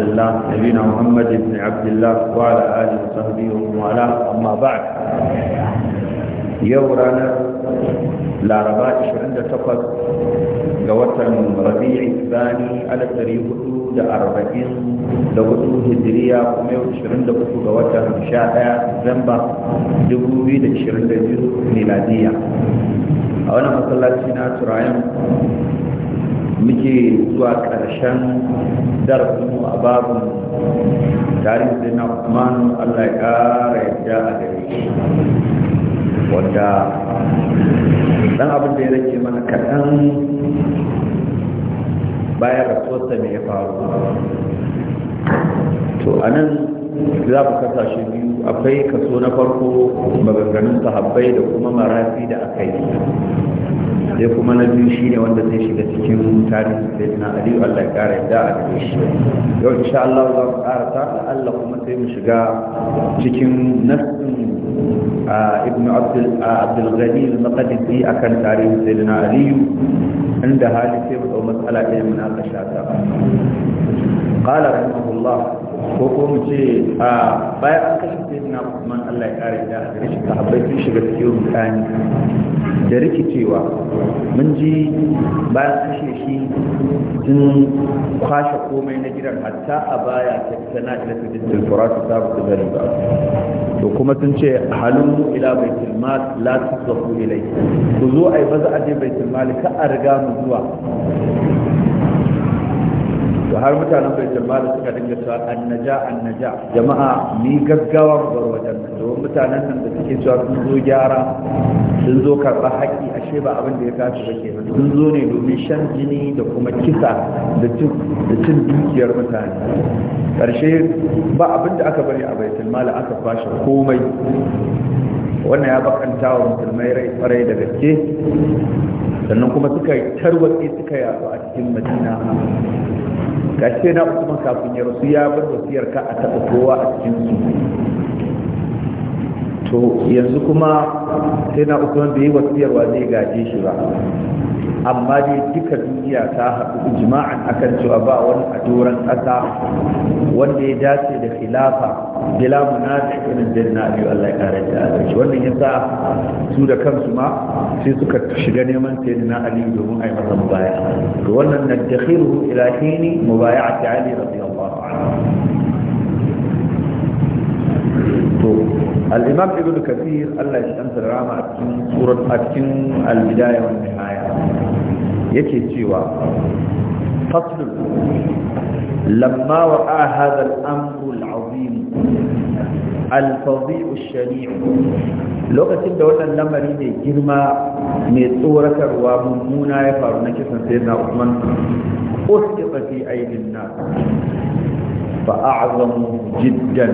عبد الله نبينا محمد بن عبد الله وعلى آله وصحبه والاه أما بعد yau ranar laraba 28 ga watan rabi'i tsani alaƙari 440 da wasu hijiriya kuma yau 23 ga watan 11 zamba 2022 miladiya a wani matsalaci na turayen muke zuwa ƙarshen darasinmu a babin tarihi da na kumanu allah ya ƙara yadda a gare wanda ɗan abin da ya rage mana kaɗan bayan rasuwarsa mai ya faru to a nan za mu kasa shi biyu akwai kaso na farko maganganun sahabbai da kuma marafi da aka yi sai kuma na biyu shine wanda zai shiga cikin tarihi sai na aliyu Allah ya kara yadda a cikin shi yau insha Allah za mu kara ta Allah kuma sai mu shiga cikin nassin ibn Abdul Ghani al-Maqdisi akan tarihi sayyidina aliyu inda hali sai mu dau matsala ɗaya munakasha ta qala rahimahullah ko ko mu ce a bayan an kashe sai na Usman Allah ya kare da a shi sahabbai sun shiga cikin mutane da rikicewa mun ji bayan kashe shi sun kwashe komai na gidan hatta a baya ta sana ila ta dinkin furatu ta ku da riba to kuma sun ce mu ila bai tilma la zafu ilai ku zo a yi baza je bai tilma ka a riga mu zuwa to har mutanen baitul mal suka dinga cewa annaja annaja jama'a ni gaggawa mu bar wajen nan mutanen nan da suke cewa sun zo gyara sun zo karba haƙƙi ashe ba abin da ya kace ba kenan sun zo ne domin shan jini da kuma kisa da cin dukiyar mutane karshe ba abin da aka bari a baitul mal aka fashe komai wannan ya bakanta wa musulmai rai farai da gaske sannan kuma suka yi tarwatsi suka yaso a cikin madina shi na usman kafin ya rasu ya bar wasiyar ka a taɓa kowa a cikin su to yanzu kuma sai na usman bai yi wasiyar wa zai gaje shi ba amma dai duka duniya ta haɗu ijma'an akan cewa ba wani a doron ƙasa wanda ya dace da khilafa bila munafi irin na biyu Allah ya kare da wannan yasa su da kansu ma sai suka shiga neman na Ali domin a yi masa mubaya to wannan nadakhiru ila hini mubaya'ati Ali radiyallahu anhu الإمام ابن كثير الله يشهد الرامة أتكين سورة أتكين البداية والنهاية yake cewa fasl lamma wa'a hadha al-amru al-azim al shani lokacin da wannan lamari mai girma mai tsoratarwa mummuna ya faru na kisan sayyidina Usman usqita fi aydin nas فأعظم جدا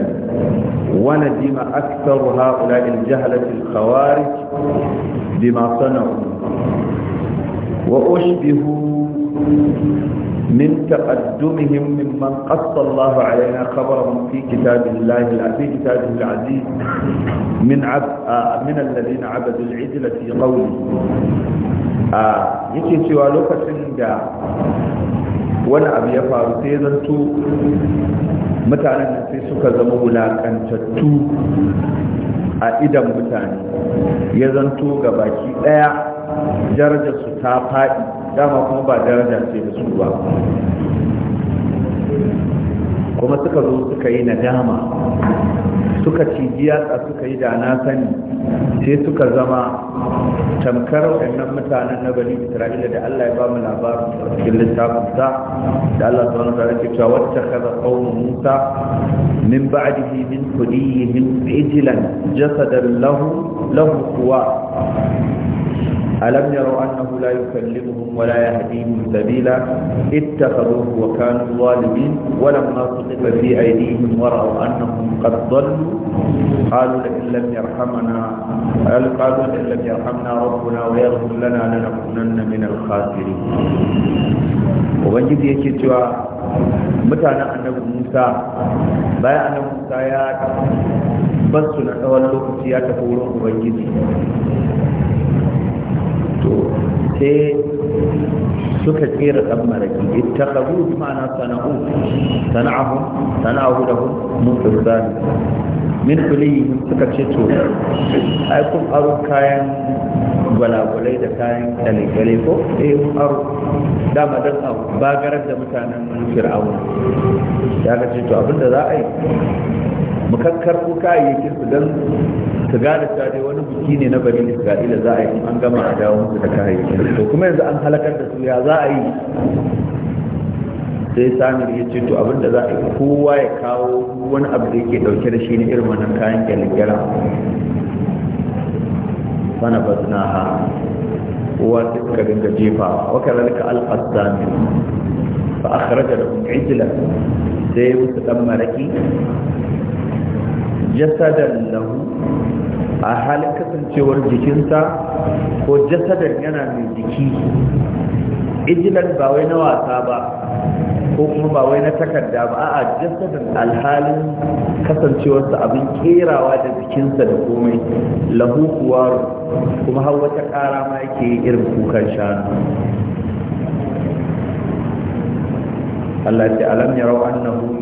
وندم أكثر هؤلاء الجهلة الخوارج بما صنعوا وأشبهوا من تقدمهم ممن قص الله علينا خبرهم في كتاب الله في كتابه العزيز من عب من الذين عبدوا العجل في قوله yake cewa lokacin da wani abu ya faru sai zanto mutanen da sai suka zama wulakantattu a idan mutane ya zanto ga baki ɗaya. darajar su ta faɗi dama kuma ba daraja ce da su ba kuma suka zo suka yi nadama suka cijiya yatsa suka yi da na sani sai suka zama tamkar waɗannan mutanen na bani isra'ila da allah ya ba mu labarin cikin littafin sa da allah ta wani ke cewa wacce kaza kaunin musa min ba'dihi min kudiyihim ijilan jasadan lahu lahu kuwa ألم يروا أنه لا يكلمهم ولا يهديهم سبيلا اتخذوه وكانوا ظالمين ولما سقط في أيديهم ورأوا أنهم قد ضلوا قالوا لئن لم يرحمنا قالوا لئن لم يرحمنا ربنا ويغفر لنا لنكونن من الخاسرين ubangiji yake cewa mutanen annabi musa bayan annabi musa ya basu na tsawon lokaci ya tafi wurin ubangiji to sai suka tsira ɗan maraƙi ita kabu ma'ana sana'u sana'ahu sana'ahu da mutu zani min kulihim suka ce to ai kun aro kayan gwalagwalai da kayan kyalekyale ko eh kun aro dama don abu bagarar da mutanen fir'auna ya ga ce to abinda za a yi mukakkar kuka yi su don su gane ta dai wani biki ne na bari isra'ila za a yi an gama a dawo musu da kayayyakin to kuma yanzu an halakar da su ya za a yi sai samir ya ce to abinda za a yi kowa ya kawo wani abu da yake dauke da shi ne irin wannan kayan kyalikyala sana ba ha kowa sai suka dinga jefa wa kalalika al-qasami fa akhraja lahum ijlan sai musu dan maraki jasadan lahu a halin kasancewar jikinsa ko jasadar yana mai jiki ijilan ba wai na wasa ba ko kuma ba wai na takarda ba a jasadin alhalin kasancewarsa abin kerawa da jikinsa da komai lahu kuwa kuma har wata kara ma yake irin kukan shanu Allah ya alam yarau annahu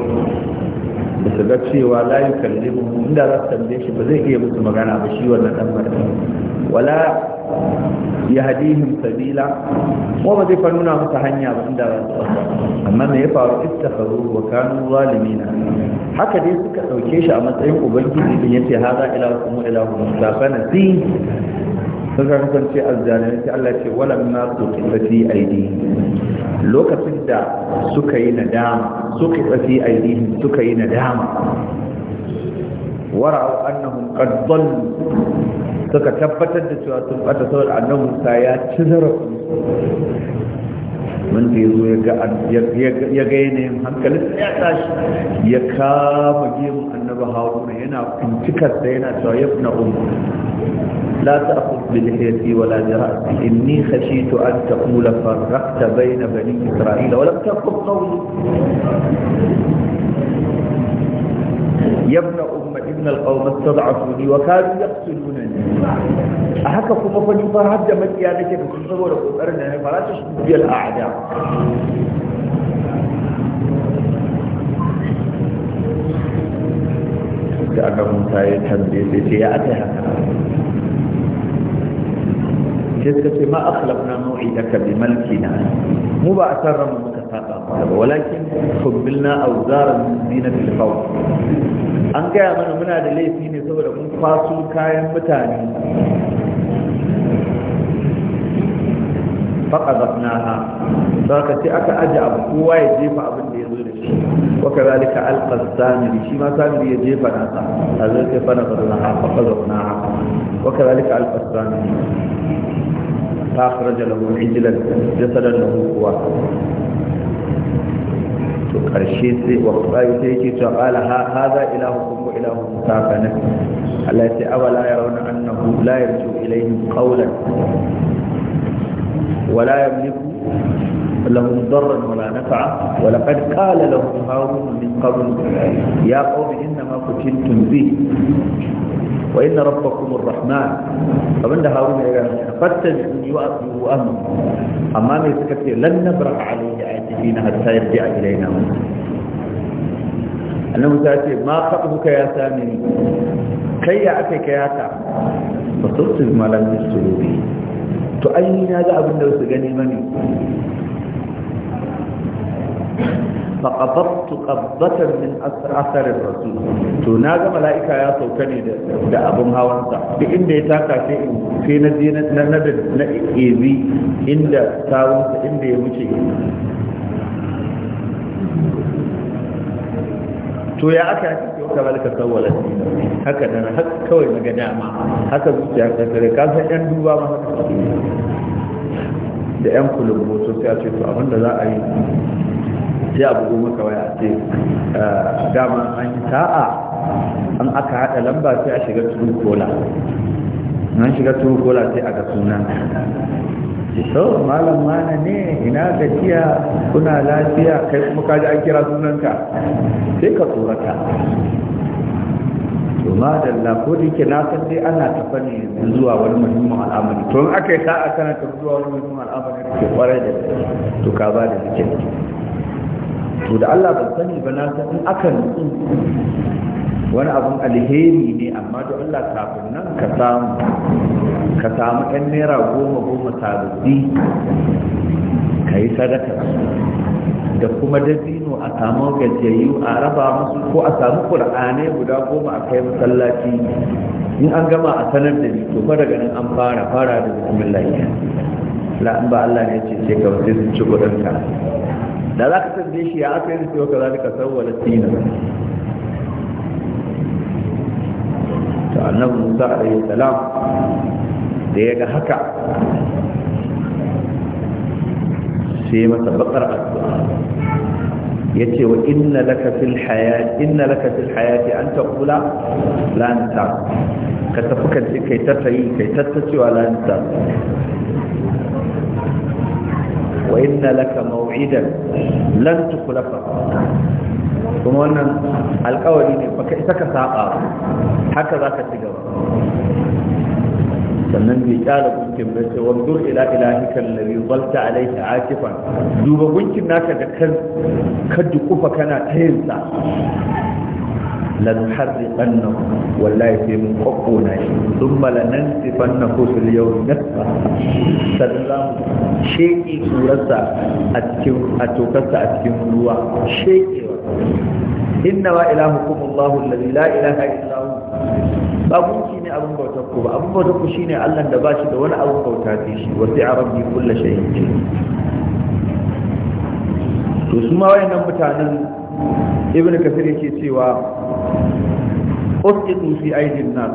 da su ga cewa la yi kalli mu inda za su shi ba zai iya musu magana ba shi wannan dan wala ya hadihim sabila ko ba zai fa nuna musu hanya ba inda za su amma me ya faru ittakhadhu wa kanu zalimina haka dai suka dauke shi a matsayin ubangiji din yace haza ila kuma ila kuma safana si sun ka kasance azzalimai sai Allah ce wala na su kifafi aidi lokacin da suka yi nadama su kifafi aidi suka yi nadama wara'u annahum qad dallu suka tabbatar da cewa sun bata saboda annabi Musa ya ci zarafi wanda ya zo ya ga yanayin hankalin ya tashi ya kama gemun annaba haruna yana fincikarsa yana cewa ya لا تأخذ بلحيتي ولا برأسي إني خشيت أن تقول فرقت بين بني إسرائيل ولم تقل قولي يا ابن أم إن القوم استضعفوني وكانوا يقتلونني a haka kuma fa ni har da makiya nake da kuma saboda kokarin da na fara ta su biyar a ada da aka musa ya tambaye sai ce ya aka haka sai suka ce ma akhlafna mu'idaka bi malkina mu ba a sarra mu muka saba ba walakin hubbilna awzaran min zinatil qawl an gaya mana muna da laifi ne saboda mun faso kayan mutane faƙazafna ha za ka ce aka aji abu kowa ya jefa abin da ya zo da shi wa kaza lika alqa samiri shi ma samiri ya jefa na sa azza ta fara fara ha faƙazafna ha wa kaza lika alqa samiri ta faraja lahu ijlan jasadan lahu kuwa to karshe sai wa qayyu sai yake to qala ha hadha ilahukum wa ilahu mutafana Allah ya ce awala ya rauna annahu la yarju ilayhim qawlan ولا يملك لهم ضرا ولا نفعا ولقد قال لهم هارون من قبل يا قوم انما فتنتم به وان ربكم الرحمن فمن هارون فاتبعوا واطيعوا امري اما من سكت لن نبرح عليه عاكفين آية حتى يرجع الينا annan musa ما ce يا ka كي اعطيك يا kai ya aka ما لم ba به to ai ni na ga abin da su gani mani فقبضت قبضة min أثر أثر الرسول to na ga mala'ika ya sauka ne da abin hawansa duk inda ya taka sai in sai na je na na na ezi inda tawunsa inda ya wuce to ya aka kazalika sawwalat haka nan haka kawai daga dama haka zuciya ta tare ka san yan duba ma haka da yan kulumbo sai a ce to abinda za a yi sai a bugo maka waya a ce ah, dama an yi sa'a an aka haɗa lamba sai a shiga turu kola an shiga turu kola sai a ga sunan to malam mana ne ina gajiya kuna lafiya kai kuma kaji an kira sunanka sai ka tsorata to ma da Allah ko da na san dai ana tafa ne zuwa wani muhimmin al'amari to in aka yi sa'a kana tafi zuwa wani muhimmin al'amari ke kwarai da to ka ba da zikin to da Allah ban sani ba na san in aka nutsu wani abun alheri ne amma da Allah kafin nan ka samu ka samu ɗan naira goma goma sababbi ka yi sadaka da kuma da zino a samu gajiyayyu a raba musu ko a samu ƙur'ane guda goma a kai masallaci in an gama a sanar da biyu, to fa daga nan an fara fara da bismillah la la'an ba Allah ne ce ce kawai sai sun ci kuɗin da za ka tambaye shi ya aka yi sai ka san wani tina to annabi Musa alaihi salam da ya ga haka sai masa bakar addu'a ya ce wa inna laka fil hayati inna laka fil hayati an ta kula lanta ka tafi kan ce kai tattayi kai tattacewa la anta wa inna laka maw'idan lan tukhlafa kuma wannan alƙawari ne baka isa ka saba haka zaka ci gaba sannan bai kyala gunkin bai sai wani zur ila ilahi kan labi balta alaihi akifan duba gunkin naka da kan ka dukufa kana tayinsa lan harriqanna wallahi sai mun kokko na shi thumma lanansifanna ku fil yawm nasfa mu sheki surarsa a cikin a tokarsa a cikin ruwa sheki inna wa ilahukum allah alladhi la ilaha illa hu ba gunkin abin bautar ku ba abin bautar ku shine Allah da bashi da wani abin bauta ta shi wa sai rabbi kullu shay'in to su ma wayannan mutanen ibnu kasir yake cewa usqitu fi aidin nas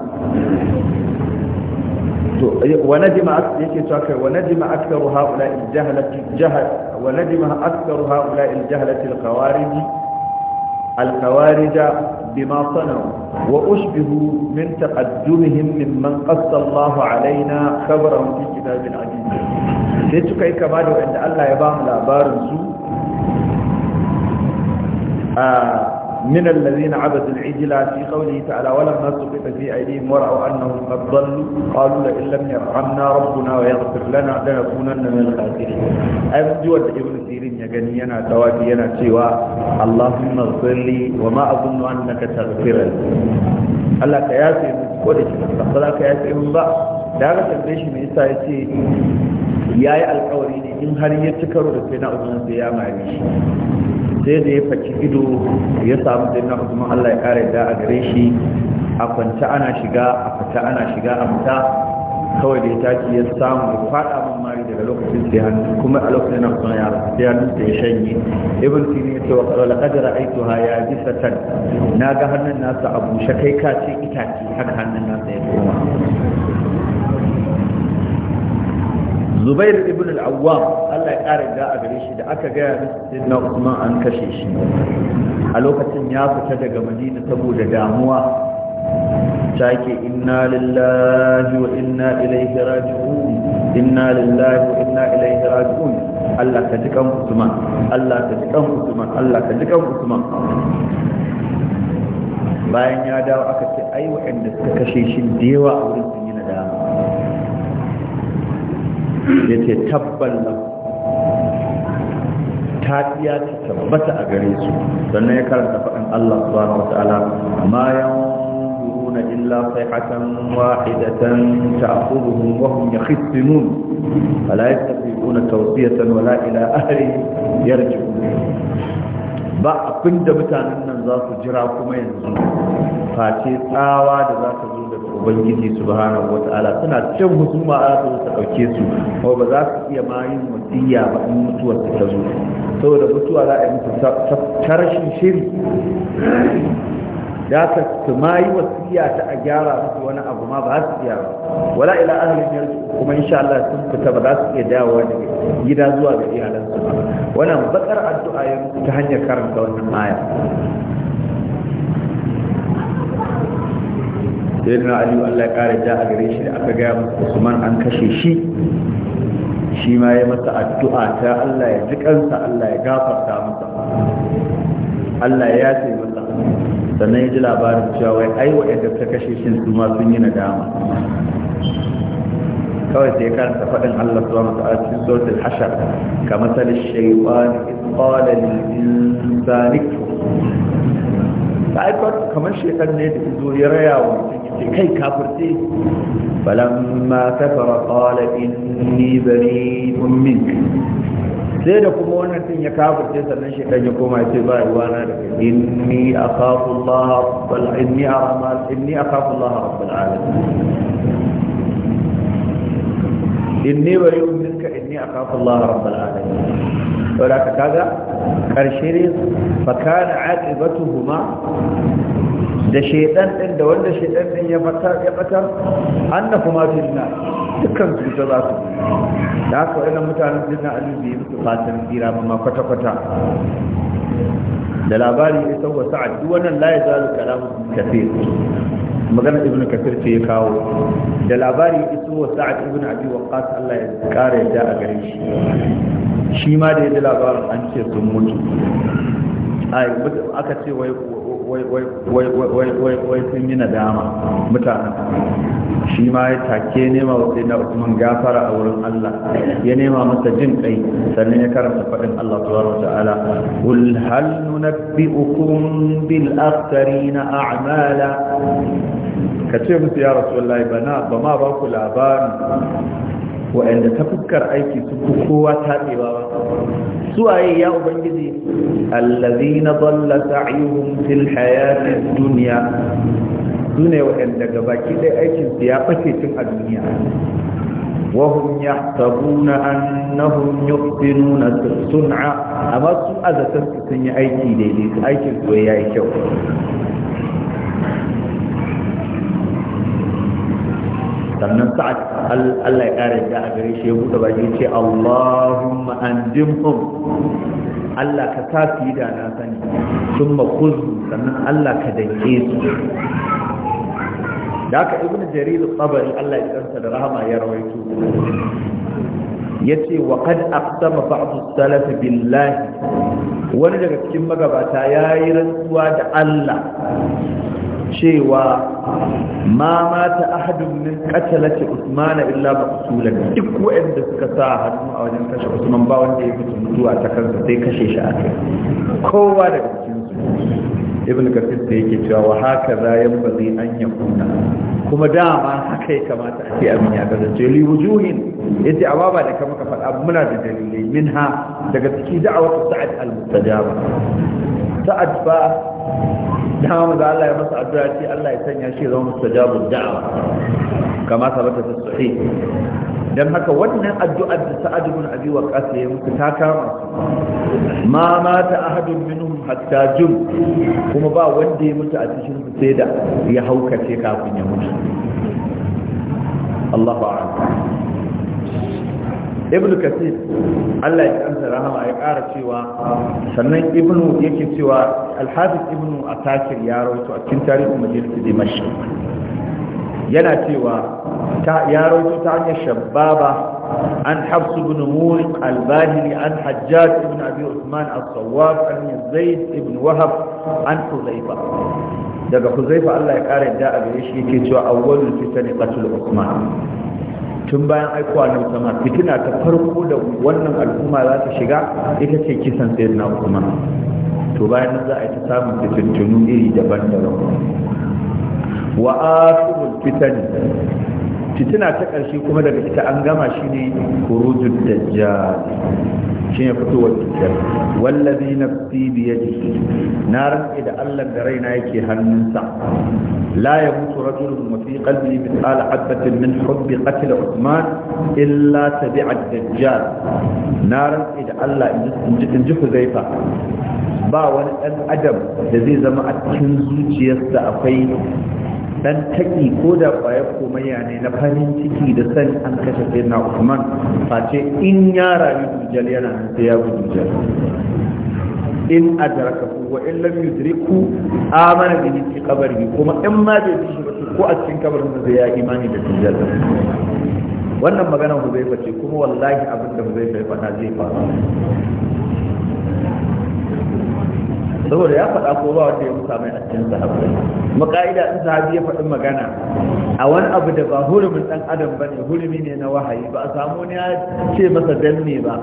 to wa najma yake cewa kai wa najma aktharu haula jahalati jahal wa najma aktharu haula jahalati al-khawarij al-khawarij بما صنعوا وأشبهوا من تقدمهم ممن قص الله علينا خبرهم في كتاب عزيز sai suka yi kama da wanda Allah ya ba mu labarin su a من الذين عبدوا العجل في قوله تعالى ولما سقط في أيديهم ورأوا أنهم قد ضلوا قالوا لئن لم يرحمنا ربنا ويغفر لنا لنكونن من الخاسرين أي جوة ابن سيرين يغنينا تواتينا سوى اللهم اغفر لي وما أظن أنك تغفر لي الله كياسي من كل شيء الله كياسي من بعض da haka tambaye shi me yasa yace yayi alƙawari ne in har ya ci karo da sai na ubangiji ya mare shi sai da ya faci ido ya samu da na kuma Allah ya kare da a gare shi a kwanta ana shiga a fita ana shiga a fita kawai da ya taki ya samu ya fada mun mari daga lokacin sai hannu kuma a lokacin na kuma ya sai hannu da ya shanye ibn sini ya ce wa qala aiki ha ya na ga hannun nasa abu shakai ka ce itace haka hannun nasa ya koma zubair ibn al-awwam Allah ya kare da a gare shi da aka gaya masa na Usman an kashe shi a lokacin ya fita daga Madina saboda damuwa take inna lillahi wa inna ilaihi raji'un inna lillahi wa inna ilaihi raji'un Allah ka ji kan Usman Allah ka ji kan Usman Allah ka ji kan Usman bayan ya dawo aka ce ai waɗanda suka kashe shi da yawa a wurin ya ce tabbal nan ta iya ta tabbata a gare su sannan ya karanta faɗin Allah subhanahu wa ta'ala ma yanzurun illa sayhatan wahidatan ta'khuduhum wa hum yakhismun fala yastati'una tawsiyatan wala ila ahli yarji'un ba abin da mutanen nan za su jira kuma yanzu face tsawa da za ta zo daga ubangiji subhanahu wata'ala suna cin husuma a su ta dauke su ko ba za su iya ma yin wasiya ba in mutuwar ta zo saboda mutuwa za a yi mutu ta rashin shiri da ka su ma yi wasiya ta a gyara musu wani abu ma ba su gyara ba wala ila ahlin yarji kuma insha Allah sun fita ba za su iya dawowa daga gida zuwa ga iyalansu ba wannan bakar addu'a ya ta hanyar karanta wannan aya sayyidina ali Allah ya kare da a gare shi da aka gaya masa Usman an kashe shi shi ma ya masa addu'a ta Allah ya ji kansa Allah ya gafarta masa Allah ya yi masa sannan ya ji labarin cewa wai ai waɗanda ta kashe shi su ma sun yi nadama kawai sai ta faɗin Allah subhanahu wa ta'ala cikin suratul hashar kamar tal shaytan iz qala lil insani sai kamar shaytan ne da zo ya raya wa kai kafirce falamma kafara qala inni bari mink sai da kuma wannan din ya kafirce sannan shekan ya koma ce ba ruwa na da kai inni akhafu Allah rabbal inni arama inni akhafu Allah rabbal alamin inni bari'un minka inni akhafu Allah rabbal alamin saboda ka kaga karshe ne fakana aqibatuhuma da shedan din da wanda shedan din ya fata ya fata annahuma jinna dukkan su ta zasu da haka wannan mutanen jinna alubi su fatan tsira ma kwata kwata da labari ya sauwa sa'ad duk wannan la ya zalu kalamu kafir magana ibnu kafir ce ya kawo da labari ya sauwa sa'ad ibnu abi waqqas Allah ya kare da a gare shi shi ma da ya ji labarin an ce sun mutu aka ce wai sun yi nadama mutanen shi ma ya take nema wasai na usman gafara a wurin Allah ya nema masa jin kai sannan ya karanta faɗin Allah subhanahu wata'ala Ul hal nunabbi'ukum bil aktharina a'mala ka ce musu ya rasulullahi bana ba ma ba ku labarin waɗanda ta fuskar aiki su ko kowa ta ba suwaye ya ubangiji allazi na balla sa'ihun fil hayati duniya su waɗanda ga baki ɗaya aikin su ya fake cin a duniya wahum ya tabu na annahun yuftinu amma su azatar su sun yi aiki daidai aikin su ya kyau sannan sa'ad Allah ya kare da a gare shi ya buɗe baki ce Allahumma anjimhum Allah ka sa yi da na sani sun makuzu sannan Allah ka danke su da aka ibn jarir tsabari Allah ya kansa da rahama ya rawaito yace wa qad aqsama ba'd as-salaf billahi wani daga cikin magabata yayi rantsuwa da Allah cewa ma mata ahadun min qatalati Usman illa maqsulan duk wanda suka sa hannu a wajen kashe Usman ba wanda ya mutu mutuwa ta kansa sai kashe shi a kai kowa daga cikin su ibn kasir da yake cewa wa haka za ya ba an ya kuna kuma dama haka ya kamata a ce abin ya kasance li wujuhin yace amma ba da kama ka faɗa muna da dalilai minha daga ciki da'awatu sa'ad al-mustajaba sa'ad ba dama da Allah ya masa addu'a ce Allah ya sanya shi zama mustajabu da'wa kama sabata sahih dan haka wannan addu'ar da sa'ad ibn abi waqas ya musu ta kama ma mata ahadun minhum hatta jum kuma ba wanda ya mutu a cikin su sai da ya haukace kafin ya mutu Allahu a'lam ibnu kasir Allah ya kansa rahama ya ƙara cewa sannan ibnu yake cewa al-hafiz ibnu asakir ya rawaito a cikin tarihin majalisar dimashq yana cewa ya ta hanyar shababa an hafsu ibn murik al-bahili an hajjaj ibn abi usman al sawwab an zaid ibn wahab an huzaifa daga huzaifa Allah ya kare da a gare shi yake cewa awwalul fitani qatl usman tun bayan aikowa na musamman fitina ta farko da wannan al'umma za ta shiga ita ce kisan sayyidina usman to bayan za a yi ta samun fitintunu iri daban-daban wa asirul fitan fitina ta ƙarshe kuma daga ita an gama shi ne kurujul dajjal shi ne fitowar dajjal wallazi nafsi bi jiki. na rantsi da Allah da raina yake hannunsa la mutu rajulun wa fi qalbi mithqala habatin min hubbi qatl Uthman illa tabi'a dajjal na rantsi da Allah in ji Huzaifa ba wani dan adam da zai zama a cikin zuciyarsa akwai dan taki ko da baya komaya ne na farin ciki da sani an kashe sai na usman face in ya rayu dujal yana nan sai ya bi dujal in ku wa in lam yudriku amana bi fi qabrihi kuma in ma bai bi shi ba ko a cikin kabarin da ya imani da dujal wannan magana zai ce kuma wallahi abin da zai ya faɗa zai faru saboda ya faɗa ko ba wanda ya musa mai a cikin sahabbai kuma in sahabi ya faɗi magana a wani abu da ba hurumin ɗan adam ba ne hurumi ne na wahayi ba a samu ya ce masa danne ba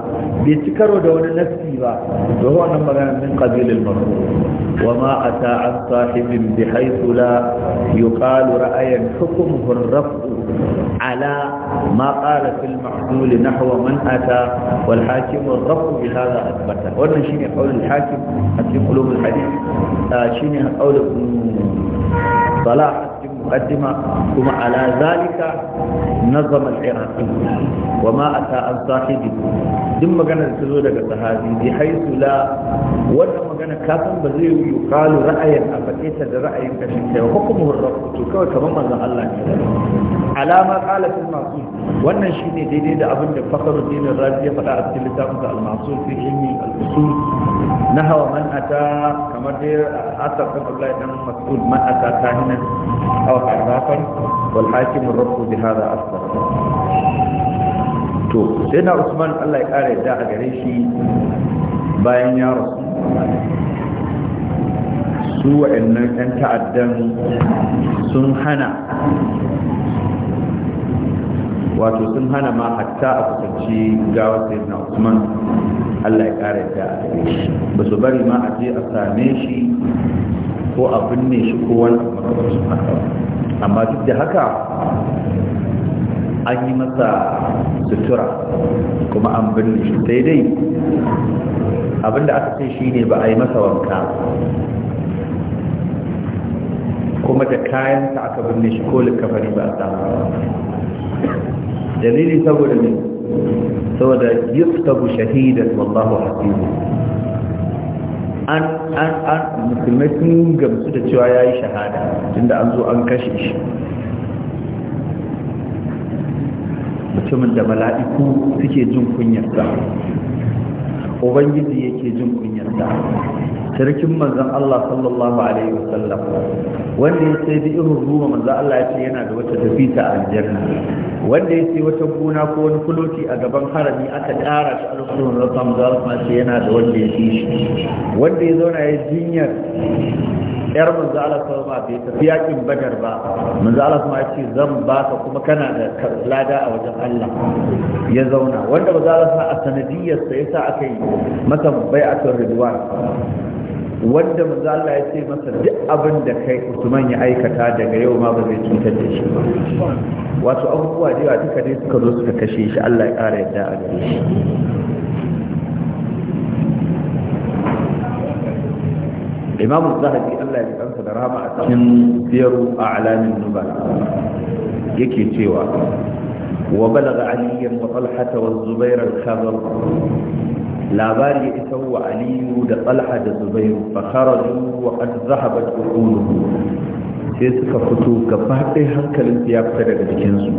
bai ci karo da wani nafsi ba da wannan magana min qabilil marfu wa ma ata an sahibin bi haythu la yuqalu ra'ayan hukmuhu ar-raf'u على ما قال في المعدول نحو من أتى والحاكم والرب بهذا أثبت وأن شيني قول الحاكم في قلوب الحديث شيني قول ابن صلاح المقدمة ثم على ذلك نظم العراقي وما أتى عن صاحبه ثم كان السلوك الصحابي بحيث لا ولا magana kafin ba zai yi kalu ra'ayin a faɗe da ra'ayin kashin kai ko kuma hurrafu to kawai kamar manzon Allah ne alama qala fil masul wannan shine daidai da abin da Fakhruddin Razi ya faɗa a cikin littafin sa al-masul fi ilmi al-usul nahwa man ata kamar asar التلاوة أعنافا والحاكم الرب بهذا sai na usman allah ya kare da a gare shi bayan ya rasu su 'yan ta'addan sun hana wato sun hana ma hatta a kusanci gawar sai na usman allah ya kare da a ba su bari ma a je a same shi ko a binne shi ko wani abu amma duk da haka an yi masa sutura kuma an binne shi daidai abinda aka ce shine ba a yi masa wanka kuma da kayansa aka binne shi ko likafani ba a samu dalili saboda ne saboda yuktabu shahidan wallahu hasibu an an an musulmai sun gamsu da cewa yayi shahada tunda an zo an kashe shi mutumin da mala'iku suke jin kunyarta, ubangiji yake jin kunyarta. sarkin manzan Allah sallallahu alaihi wasallam wanda ya sai da irin ruwa manzan Allah ya ce yana da wata tafita ta aljanna wanda ya sai wata gona ko wani kuloti a gaban harami aka ƙara shi alkulun rasam za su yana da wanda ya fi shi wanda ya zauna ya jinyar yar manzo Allah bai tafi yakin badar ba manzo Allah kuma ya ce zan baka kuma kana da lada a wajen Allah ya zauna wanda manzo Allah a sanadiyar sa yasa aka yi masa bai'atul ridwan wanda manzo Allah ya ce masa duk abin da kai Usman ya aikata daga yau ma ba zai cutar da shi ba wato abubuwa da yawa duka suka zo suka kashe shi Allah ya ƙara yadda a gare shi Imam Zahabi Allah ya kansa da rahama a cikin ziyaru a alamin nubala yake cewa wa balagha aliyan wa talhata wa zubair al labari ya isa wa aliyu da Tsalha da zubairu ba kharaju wa qad zahabat quluhum sai suka fito gaba ɗaya hankalin su ya fita daga jikin su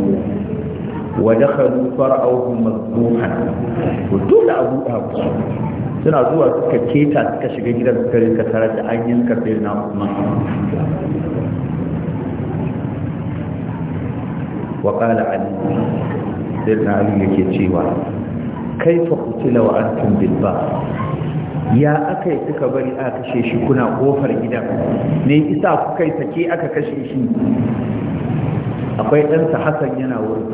wa dakhalu far'ahu mazbuhan to dole abu abu suna zuwa suka keta suka shiga gidan sukarin rinka tarar da an yanka sayyidina Usman wa qala ali sayyidina ali yake cewa kaifa kutila wa antum bilba ya aka yi suka bari a kashe shi kuna kofar gidan ne isa kuka yi sake aka kashe shi akwai ɗansa hasan yana wurin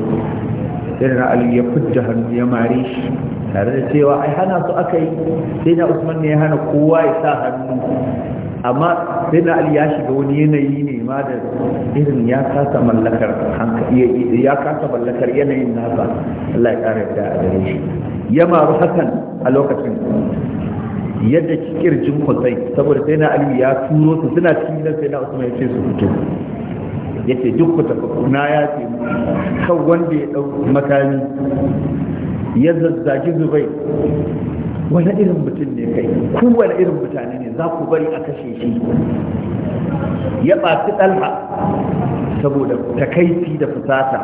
irin ali ya fudda hannu ya mare shi tare da cewa ai hana su aka yi sai na usman ne ya hana kowa ya sa hannu amma sai na ali ya shiga wani yanayi ne ma da irin ya kasa mallakar hankali ya kasa mallakar yanayin nasa Allah ya kare da a gare shi ya maru hakan a lokacin yadda kirjin kwasai saboda sai na aliyu ya turo su suna cikin sai na usman ya ce su fito ya ce duk kuta na ya ce kan wanda ya ɗau makami ya zazzagi zubai wani irin mutum ne kai kowane irin mutane ne za ku bari a kashe shi ya ɓaci ɗalha saboda takaici da fusata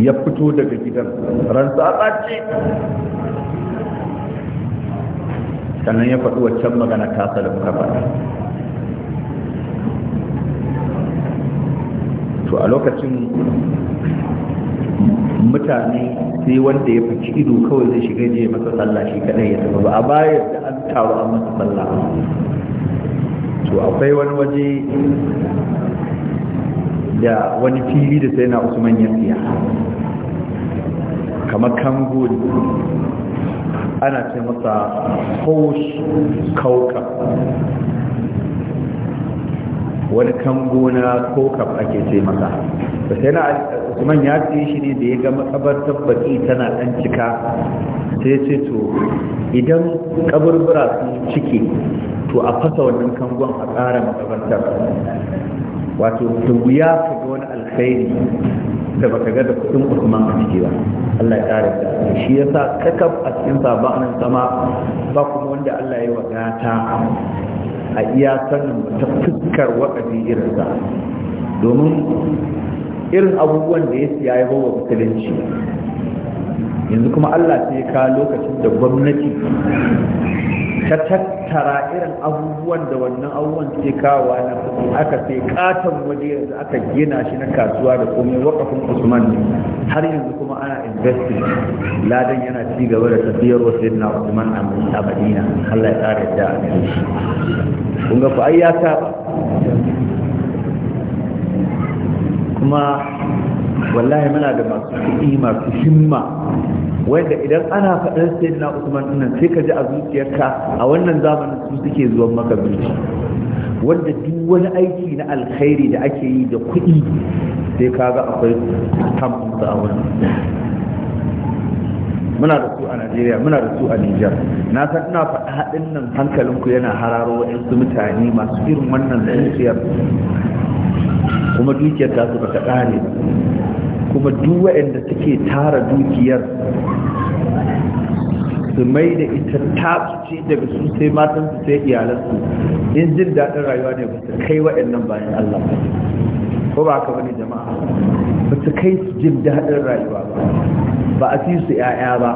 ya fito daga gidan ransa tsace sannan ya faɗi waccan magana tasa da muka to a lokacin mutane sai wanda ya fici ido kawai zai shiga je masa sallah shi kadai ya tafi ba a bayan da an taru a masa sallah to akwai wani waje da wani fili da sai na usman ya siya kamar kango ana ce masa hosh kauka wani kango na kokaf ake ce masa da sai na usman ya ce shi ne da ya ga matsabar tabbaki tana dan cika sai ce to idan kaburbura sun cike to a fasa wannan kangon a tsara makabantar wato da wuya ka ga wani alkhairi da baka ga da kuɗin usman a ciki ba Allah ya kare ka shi yasa kakab a cikin sabanin sama ba kuma wanda Allah ya wadata a iya sanin ta fuskar irin sa, domin irin abubuwan da ya siya ya bawa musulunci yanzu kuma Allah sai ka lokacin da gwamnati ta tattara irin abubuwan da wannan abubuwan ke kawo na kuɗi aka sai katon waje yanzu aka gina shi na kasuwa da komai wakafin usman har yanzu kuma ana investing ladan yana ci gaba da tafiyar wasu na usman a madina Allah ya tsara yadda a shi kun ga ku kuma wallahi muna da masu kuɗi masu himma wanda idan ana faɗar sai na usman nan sai ka ji a zuciyarka a wannan zamanin su suke zuwan maka zuci wanda duk wani aiki na alkhairi da ake yi da kuɗi sai kaga akwai kamfansa a wannan muna da su a Najeriya muna da su a Nijar na san ina faɗa haɗin nan hankalinku yana hararo waɗansu mutane masu irin wannan zuciyar kuma dukiyar ta su ta ƙare kuma duk waɗanda take tara dukiyar su mai da ita tafice daga su sai matan su sai iyalansu in jin daɗin rayuwa ne ba su kai waɗannan bayan Allah ko ba ka bane jama'a ba su kai su jin daɗin rayuwa ba ba a fi su 'ya'ya ba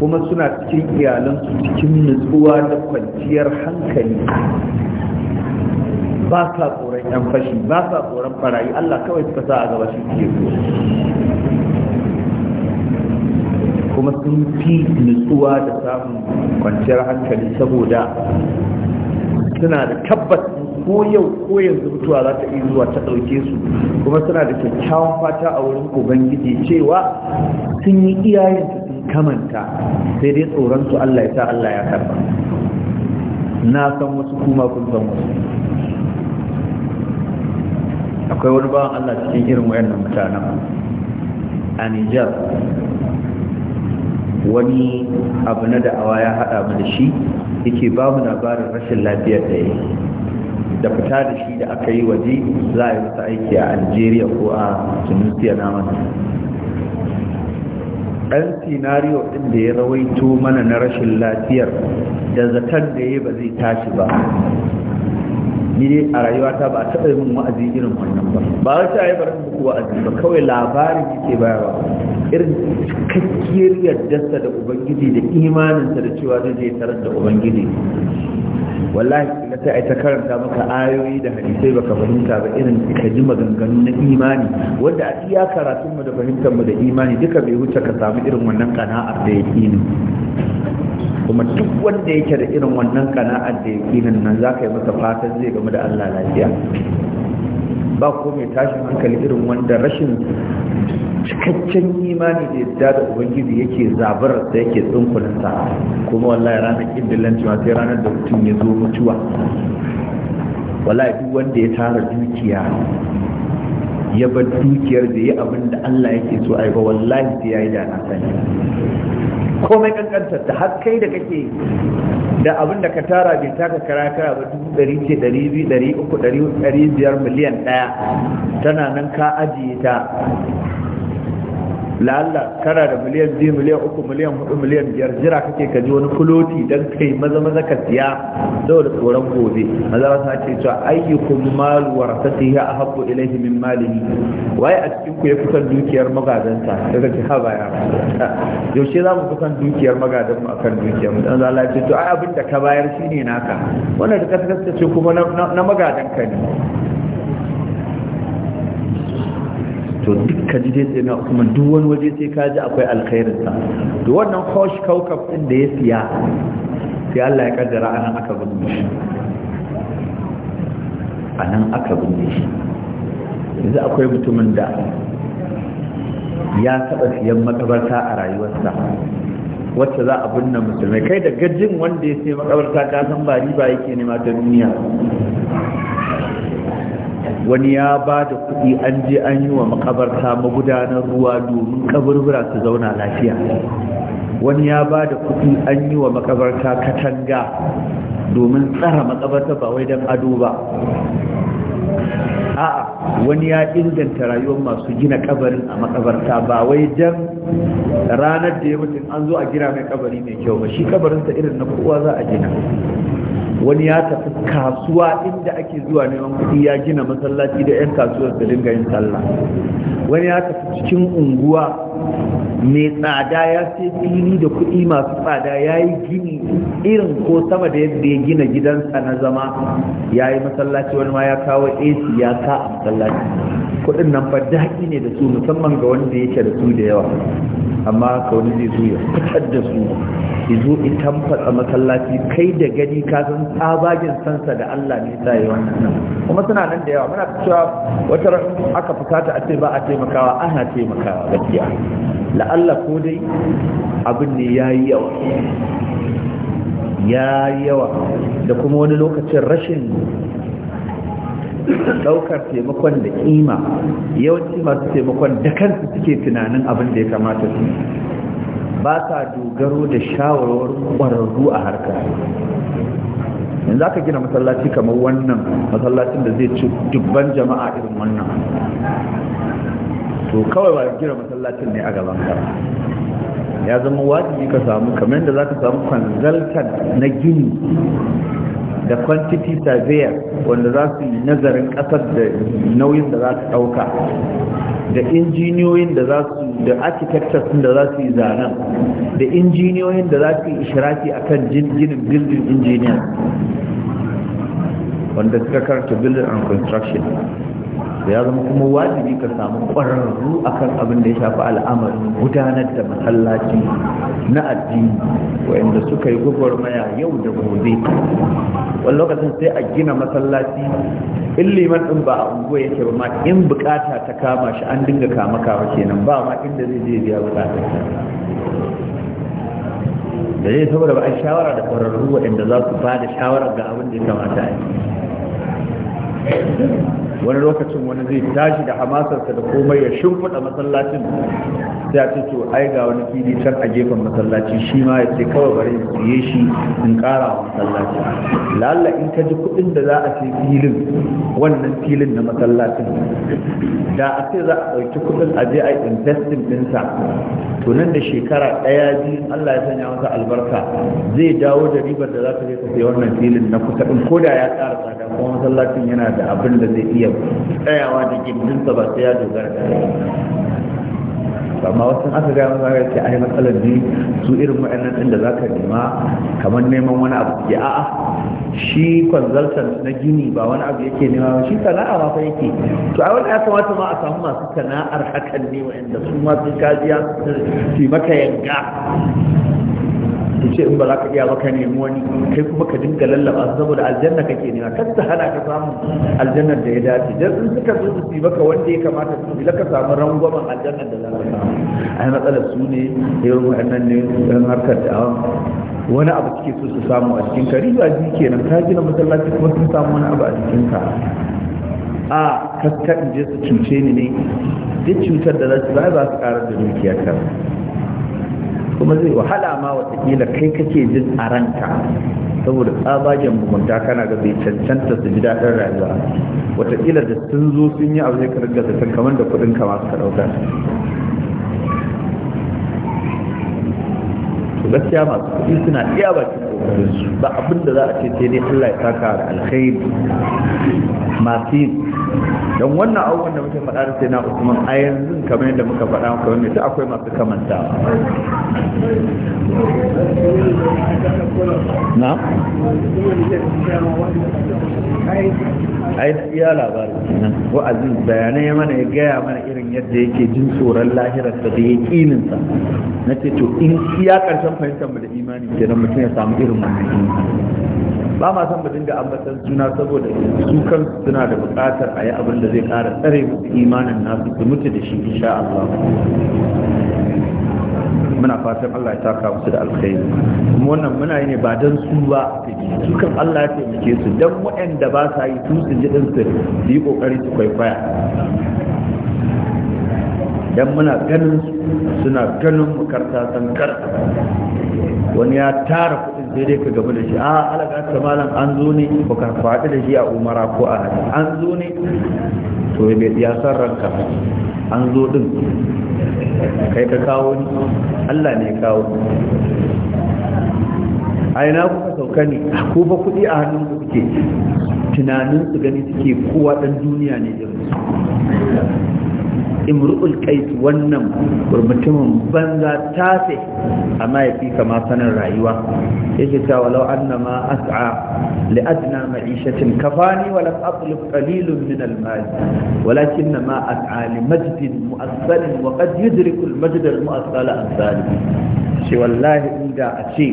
kuma suna cikin iyalansu cikin nutsuwa da kwanciyar hankali ba sa tsoron yan fashi ba sa tsoron barayi Allah kawai suka sa a gaba shi ke so kuma sun fi nutsuwa da samun kwanciyar hankali saboda suna da tabbas ko yau ko yanzu mutuwa za ta iya zuwa ta ɗauke su kuma suna da kyakkyawan fata a wurin ubangiji cewa sun yi iyayensu sun kamanta sai dai tsoron su Allah ya sa Allah ya karba na san wasu kuma kun san wasu akwai wani bawan Allah cikin irin wayannan mutanen a Nijar wani abu na da'awa ya haɗa mu da shi yake ba mu labarin rashin lafiyar da ya da fita da shi da aka yi waje za a yi wata aiki a algeria ko a tunisia na wani ɗan sinariyo ɗin da ya rawaito mana na rashin lafiyar da zaton da ya ba zai tashi ba ni dai a rayuwata ba a taɓa yi min wa'azi irin wannan ba ba wai sai ayi barin muku wa'azi ba kawai labarin yake bayarwa irin cikakkiyar yardarsa da ubangiji da imaninsa da cewa zai je tarar da ubangiji wallahi na sai ai ta karanta maka ayoyi da hadisai baka fahimta ba irin ka ji maganganu na imani wanda a iya karatunmu mu da fahimtar mu da imani duka bai wuce ka samu irin wannan kana'ar da yake ni. kuma duk wanda yake da irin wannan kana'ar da yakinin nan za ka yi masa fatan zai game da Allah lafiya ba ko mai tashin hankali irin wanda rashin cikakken imani da yadda da ubangiji yake zabar da yake tsunkulinsa kuma wallahi ranar ƙindilanci ma sai ranar da mutum ya zo mutuwa wallahi duk wanda ya tara dukiya ya bar dukiyar da ya abin da Allah yake so a yi ba wallahi sai ya yi da na sani komai kankantar da har kai da kake da abin da ka tara bai taka kara kara ba dubu dari ce dari biyu dari uku dari biyar miliyan ɗaya tana nan ka ajiye ta la'alla kana da miliyan biyu miliyan uku miliyan hudu miliyan biyar jira kake ka ji wani kuloti don kai maza maza ka siya saboda tsoron gobe maza ba ce cewa ayyukum malu warasatihi ahabbu ilaihi min malihi waye a cikin ku ya fi son dukiyar magadanta daga ki ha baya yaushe za mu fi son dukiyar magadan mu akan dukiyar mu dan Allah ce to ai abin da ka bayar shine naka wannan da ka ce kuma na magadan ka ne to dukkan jide dai tsaye kuma duk wani waje sai ka ji akwai alkhairinsa to wannan hosh kaukaf ɗin da ya siya sai Allah ya kaddara anan aka binne shi anan aka binne shi yanzu akwai mutumin da ya taɓa siyan makabarta a rayuwarsa wacce za a binne musulmai kai da gajin wanda ya sai makabarta ka san ba riba yake nema ta duniya wani ya ba da kuɗi an je an yi wa makabarta magudanar ruwa domin kaburbura su zauna lafiya wani ya ba da kuɗi an yi wa makabarta katanga domin tsara makabarta ba wai don ado ba a'a wani ya inganta rayuwar masu gina kabarin a makabarta ba wai don ranar da ya mutum an zo a gina mai kabari mai kyau ba shi kabarinsa irin na kowa za a gina wani ya tafi kasuwa inda ake zuwa neman kuɗi ya gina masallaci da 'yan kasuwar da dinga yin sallah wani ya tafi cikin unguwa mai tsada ya sai fili da kuɗi masu tsada ya yi gini irin ko sama da yadda ya gina gidansa na zama ya yi masallaci wani ma ya kawo ac ya ka a masallaci kuɗin nan fa daɗi ne da su musamman ga wanda yake da su da yawa amma ka wani zai zo ya fitar da su ya zo in tamfasa masallaci kai da gani ka san tsabagen sansa da Allah ne sa yi wannan nan kuma suna nan da yawa muna cewa wata aka fusata a ce ba a taimakawa ana taimakawa gaskiya la'alla ko dai abin ne ya yi yawa ya yi yawa da kuma wani lokacin rashin daukar taimakon da kima yawanci masu taimakon da kansu suke tunanin abin da ya kamata su ba sa dogaro da shawarwar ƙwararru a harkar yanzu ka gina masallaci kamar wannan masallacin da zai ci dubban jama'a irin wannan to kawai ba gina masallacin ne a gaban ka ya zama wajibi ka samu kamar da za ka samu consultant na gini da quantity surveyor wanda za su yi nazarin kasar da nauyin da za ka ɗauka da injiniyoyin da za su da da za su yi zanen da injiniyoyin da za su yi a akan ginin building engineer wanda suka karanta building and construction ya zama kuma wajibi ka samu ƙwararru akan abin da ya shafi al'amarin gudanar da masallaci na addini wa'inda suka yi gwagwarmaya yau da gobe wani lokacin sai a gina masallaci in liman ɗin ba a unguwa yake ba ma in bukata ta kama shi an dinga kama kama kenan ba ma inda zai je biya bukata da zai saboda ba a shawara da ƙwararru wa'inda za su ba da shawara ga abin da ya kamata a yi wani lokacin wani zai tashi da hamasarsa da komai ya shimfiɗa masallacin sai a ce to ai ga wani fili can a gefen masallaci shi ma ya ce kawai bari ya siye shi in ƙara wa masallaci lalla in ka ji kuɗin da za a ce filin wannan filin na masallacin da a ce za a ɗauki kuɗin a je a yi investing ɗinsa to nan da shekara ɗaya biyu Allah ya sanya masa albarka zai dawo da ribar da za ka je ka sayi wannan filin na kusa ɗin ko da ya ƙara tsada kuma masallacin yana da abin da zai iya tsayawa da gindinsa ba sai ya dogara da amma wasu aka gaya masa ga ce ai matsalar ne su irin wa'annan din da zaka nema kamar neman wani abu ke a'a shi consultant na gini ba wani abu yake nema ba shi sana'a ma fa yake to a wani ya kamata ma a samu masu sana'ar hakan ne wa'anda su ma sun kajiya su maka yanga ta ce in ba za ka iya ba nemi wani kai kuma ka dinga lallaba saboda aljanna kake nema kar ta hana ka samu aljannar da ya dace dan in suka zo su yi maka wanda ya kamata su yi ka samu rangwamen aljannar da za ka samu ai matsalar su ne yau wa'annan ne dan harkar da wani abu cike so su samu a cikin ka riba ji kenan ka gina masallaci kuma sun samu wani abu a cikin ka a in je su cuce ni ne duk cutar da za su ba su karar da dukiyar ka kuma zai wahala ma watakila kai kake jin a ranka saboda tsabagen mugunta kana ga zai cancanta su ji daɗin rayuwa watakila da sun zo sun yi abu zai karga zaton kamar da kuɗin kama suka ɗauka gaskiya masu kuɗi suna iya baki ba abin da za a ce sai dai Allah ya saka da alkhairi masu don wannan abubuwan da muke faɗa da sai na usman a yanzu kamar yadda muka faɗa muka wani ta akwai masu kamanta na? ai iya nan kenan wa'azin bayanai mana ya gaya mana irin yadda yake jin tsoron lahirar da ya ƙininsa na ce to in ya ƙarshen fahimtar mu da imani kenan mutum ya samu irin irin wannan ba ma san mu dinga ambatan suna saboda su kan suna da buƙatar a yi abin da zai ƙara tsare musu imanin nasu da mutu da shi insha Allah muna fatan Allah ya taka musu da alkhairi kuma wannan muna yi ne ba dan su ba su kan Allah ya taimake su dan waɗanda ba sa yi su su ji din su yi kokari su kwaikwaya dan muna ganin suna ganin mu karta san wani ya tara sai dai ka gaba da shi a ah, alaƙa malam an zo ne ko ka faɗi da shi a umara ko a hajji an zo ne to ya san ranka an zo din kai ka kawo ni allah ne kawo a ina kuka sauka ne ku ba kuɗi a hannun ku suke tunanin su gani suke kowa ɗan duniya ne irin imru'ul qais wannan mutumin banza tafe amma ya fi kama sanin rayuwa yake cewa walau annama as'a li adna ma'ishatin kafani wa lam atlub qalilun min al-mal walakin ma as'a li majdin mu'assal wa qad yudriku al-majd al-mu'assal ansal shi wallahi inda a ce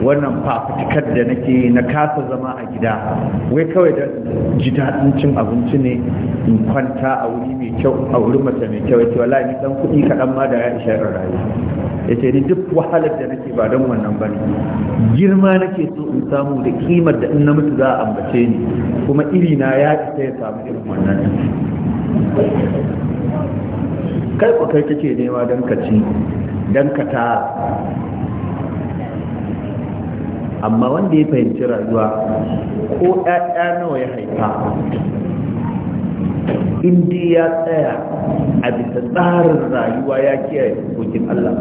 wannan fafutukar da nake na kasa zama a gida wai kawai da ji daɗin cin abinci ne in kwanta a wuri mai kyau a wurin mace mai kyau yace wallahi ni dan kuɗi kaɗan ma da ya isa in rayu yace ni duk wahalar da nake ba dan wannan bane girma nake so in samu da kimar da in na mutu za a ambace ni kuma iri na ya isa ya samu irin wannan kai ko kai kake nema dan ka ci dan ka ta amma wanda ya fahimci rayuwa ko 'ya'ya nawa ya haifa Indi ya tsaya a bisa tsarin rayuwa ya kiyaye hukuncin Allah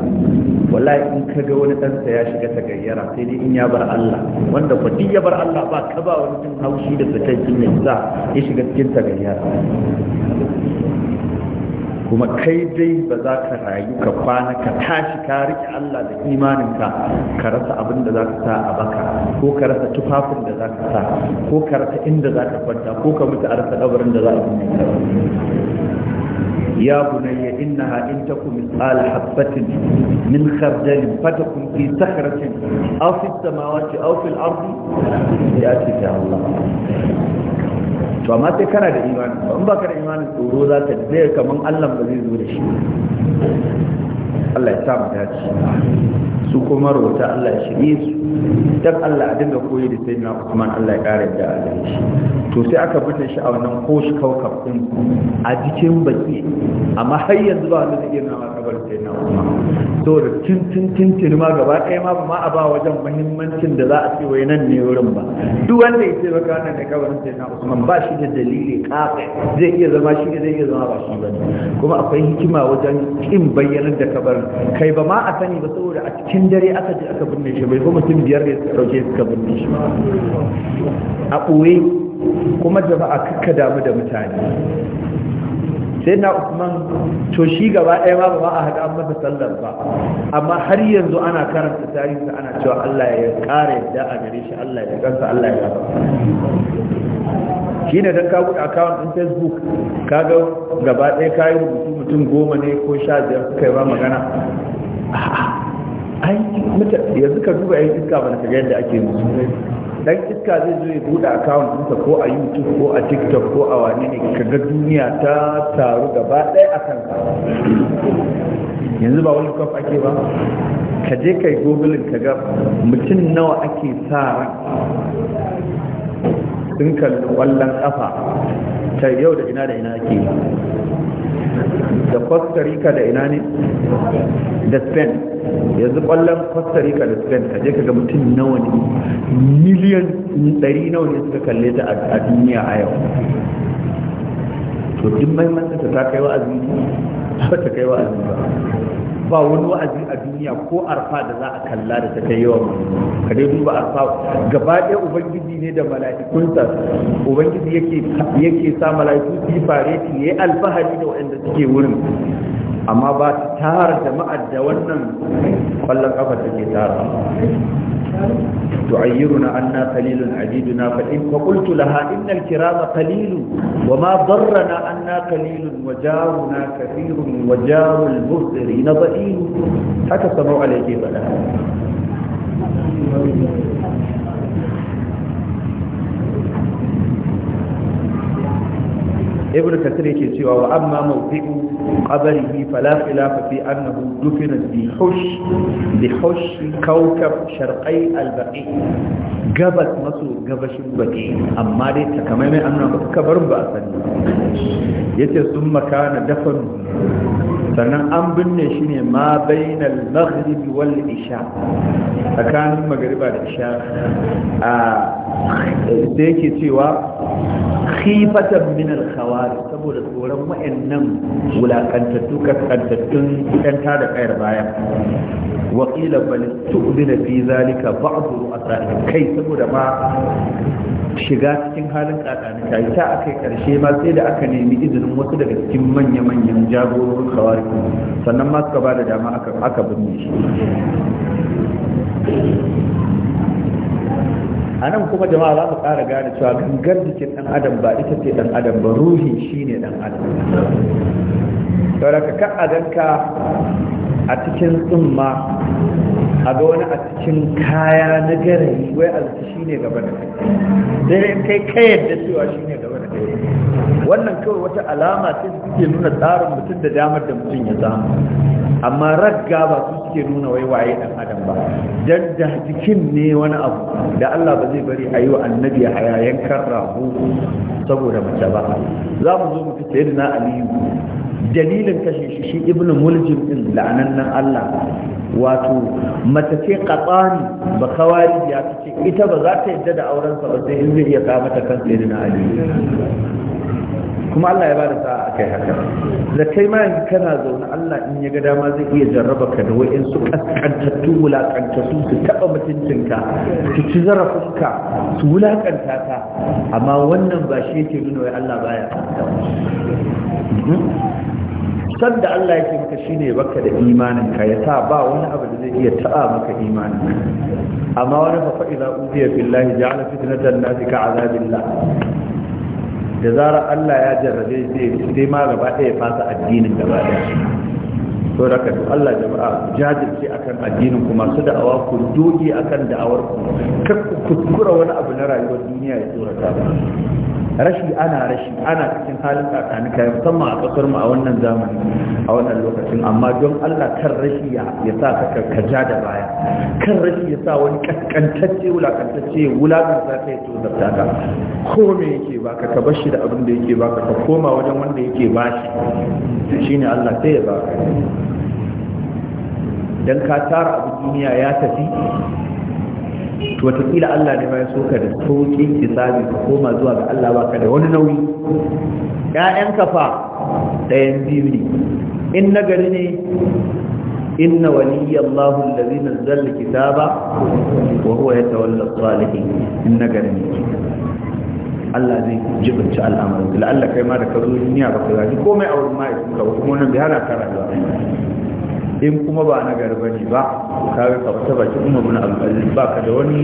wallahi in ka ga wani ɗansa ya shiga ta gayyara sai dai in ya bar Allah wanda ba ya bar Allah ba ka ba wani jin haushi da ne za ya shiga cikin ta gayyara kuma kai dai ba za ka rayu ka kwana ka tashi ka rike Allah da imaninka ka rasa abin da za ka sa a baka ko ka rasa tufafin da za ka sa ko ka rasa inda za ka kwanta ko ka mutu a rasa ɗabarin da za a binne ya bunayya innaha in taku misal مثقال min من خردل فتكن في صخرة أو في السماوات أو في الأرض يأتي الله to amma sai kana da imani in baka da imanin tsoro za ta zai kaman Allah ba zai zo da shi Allah ya sa mu dace su kuma rota Allah ya shirye su dan Allah a dinga koyi da sayyidina Uthman Allah ya kare da shi to sai aka fita shi a wannan kosh kaukab din a jikin baki amma har yanzu ba wanda yake nawa kabar sayyidina Usman to da tin tin tin tin ma gaba ɗaya ma ba ma a ba wajen muhimmancin da za a ce wai nan ne wurin ba duk wanda ya ce baka nan da kabarin sayyidina Usman ba shi shi da dalilin kafa zai iya zama shi ne zai iya zama ba shi ba kuma akwai hikima wajen kin bayyanar da kabarin kai ba ma a sani ba saboda a cikin dare aka ji aka binne shi bai kuma mutum biyar ne suka dauke suka binne shi a ɓoye kuma jama'a kakka damu da mutane sai na usman to shi gaba ɗaya ba ba a haɗa masa sallar ba amma har yanzu ana karanta tarihi ana cewa Allah ya ƙara yadda a gare shi Allah ya kansa Allah ya shi ne don kawo account ɗin facebook ka ga gaba ɗaya ka yi rubutu mutum goma ne ko sha biyar suka yi ba magana ai yanzu ka duba yin iska ba ka ga yadda ake musu dan iska zai zo ya buɗe account ɗinsa ko a youtube ko a tiktok ko a wane ne ka ga duniya ta taru gaba ɗaya a kan yanzu ba wani kwaf ake ba ka je kai google ka ga mutum nawa ake sa ran sun kalli kwallon kafa ta yau da ina da ina ake da costa rica da ina ne da spain yanzu kwallon costa rica da spain kaje ka ga mutum nawa ne miliyan ɗari nawa ne suka kalle ta a duniya a yau to duk mahimmancin ta kai wa'azi ba ta kai wa'azi ba ba wani wa'azi a duniya ko arfa da za a kalla da ta kai ka dai duba arfa gaba ɗaya ubangiji ne da mala'ikunsa ubangiji yake yake sa mala'iku su yi fareti yayi alfahari da waɗanda suke wurin amma ba ta tara jama'ar da wannan kwallon ƙafa take tara tu'ayyiruna anna qalilun ajiduna fa in qultu laha innal kirama qalilun wa ma darrana anna qalilun wa jaruna kathirun wa jarul muhdirin dha'ilun haka sabu alayhi fa ibnu kasir yake cewa wa amma mawdi'u qabrihi fala khilafa fi annahu dufina bi hush bi hush kawkab sharqai al-baqi gabas maso gabashin baqi amma dai takamaiman annabi kabarin ba a sani yace summa kana dafanu sannan an binne shi ne ma bainal maghribi wal isha tsakanin magariba da isha a da yake cewa khifatan min al khawari saboda tsoron wayannan wulakantattu kaskantattun yan da kayar baya wa qila bal tu'dina fi zalika ba'd ru'asa kai saboda ma shiga cikin halin tsakanin kayi ta aka yi karshe ma sai da aka nemi izinin wasu daga cikin manya-manyan jagororin kawari sannan ma suka ba da dama aka binne shi a nan kuma jama'a za mu ƙara gane cewa gangar jikin ɗan adam ba ita ce ɗan adam ba ruhi shi ne ɗan adam ka ka a a cikin tsumma a ga wani a cikin kaya na gari wai alta shi ne gaba da kai dai kai kayar da cewa shi ne gaba da kai wannan kawai wata alama ce suke nuna tsarin mutum da damar da mutum ya samu amma ragga ba su suke nuna wai waye dan adam ba dan da jikin ne wani abu da Allah ba zai bari a yi wa annabi haya yankan rago saboda mace ba za mu zo mu fi sayyidina aliyu dalilin kashe shi shi ibn muljim din la'anannan Allah wato mace ce qatsani ba kawari ya ce ita ba za ta yadda da auren sa ba sai in zai iya kawo mata kan sayyidina aliyu kuma Allah ya bada sa'a kai haka da kai ma yanzu kana zaune Allah in ya ga dama zai iya jarraba ka da su kaskantattu wulakantattu su taba mutuncinka su ci zarafinka su wulakanta ka amma wannan ba shi yake nuna wai Allah baya hmm? sanda Allah yake maka shine baka da imanin ka ya sa ba wani abu da zai iya ta'a maka imanin amma wani fa fa idza uziya billahi ja'ala fitnatan nasi ka azabillah da zarar Allah ya jarrabe sai sai ma gaba ɗaya fasa addinin gaba ɗaya to da kadu Allah jama'a jajirce akan addinin ku masu da'awa ku doge akan da'awar ku kar ku kuskura wani abu na rayuwar duniya ya tsorata ba rashi ana rashi ana cikin halin kai musamman a kasar mu a wannan zamani a wannan lokacin amma don Allah kan rashi ya sa ka kaja da baya kan rashi ya sa wani kaskantacce wulakantacce wulakanta ka ya to da ka ko me yake baka ka bar shi da abin da yake baka ka koma wajen wanda yake bashi shine Allah sai ya ka dan ka tara abu duniya ya tafi to watakila Allah ne bai soka da sauƙin hisabi ka koma zuwa ga Allah ba ka da wani nauyi ƴaƴan kafa ɗayan biyu ne in nagari ne inna waliyallahu allazi nazzala kitaba wa huwa yatawalla salihin in gari ne Allah zai jibinci al'amarin la'alla kai ma da ka zo ba baka zaji komai a wurin ma'aikata ba kuma wannan bai hana ka rayuwa in kuma ba na garba bane ba kawai ka fita baki kuma bin ba ka da wani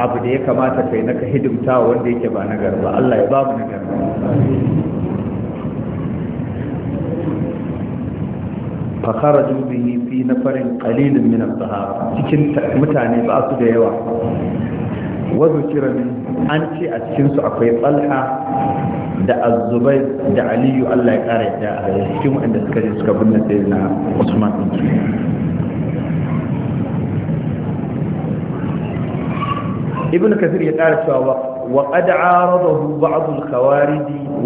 abu da ya kamata kai na ka hidimta wanda yake ba na garba Allah ya ba mu na garba fa kharaju bihi fi nafarin qalilin min as-sahaba cikin mutane ba su da yawa wazu kiran an ce a cikin su akwai talha da azubai da aliyu allah ya kara da a cikin wanda suka je suka binne sai usman ibn kathir ya kara cewa wa wa qad aradahu ba'd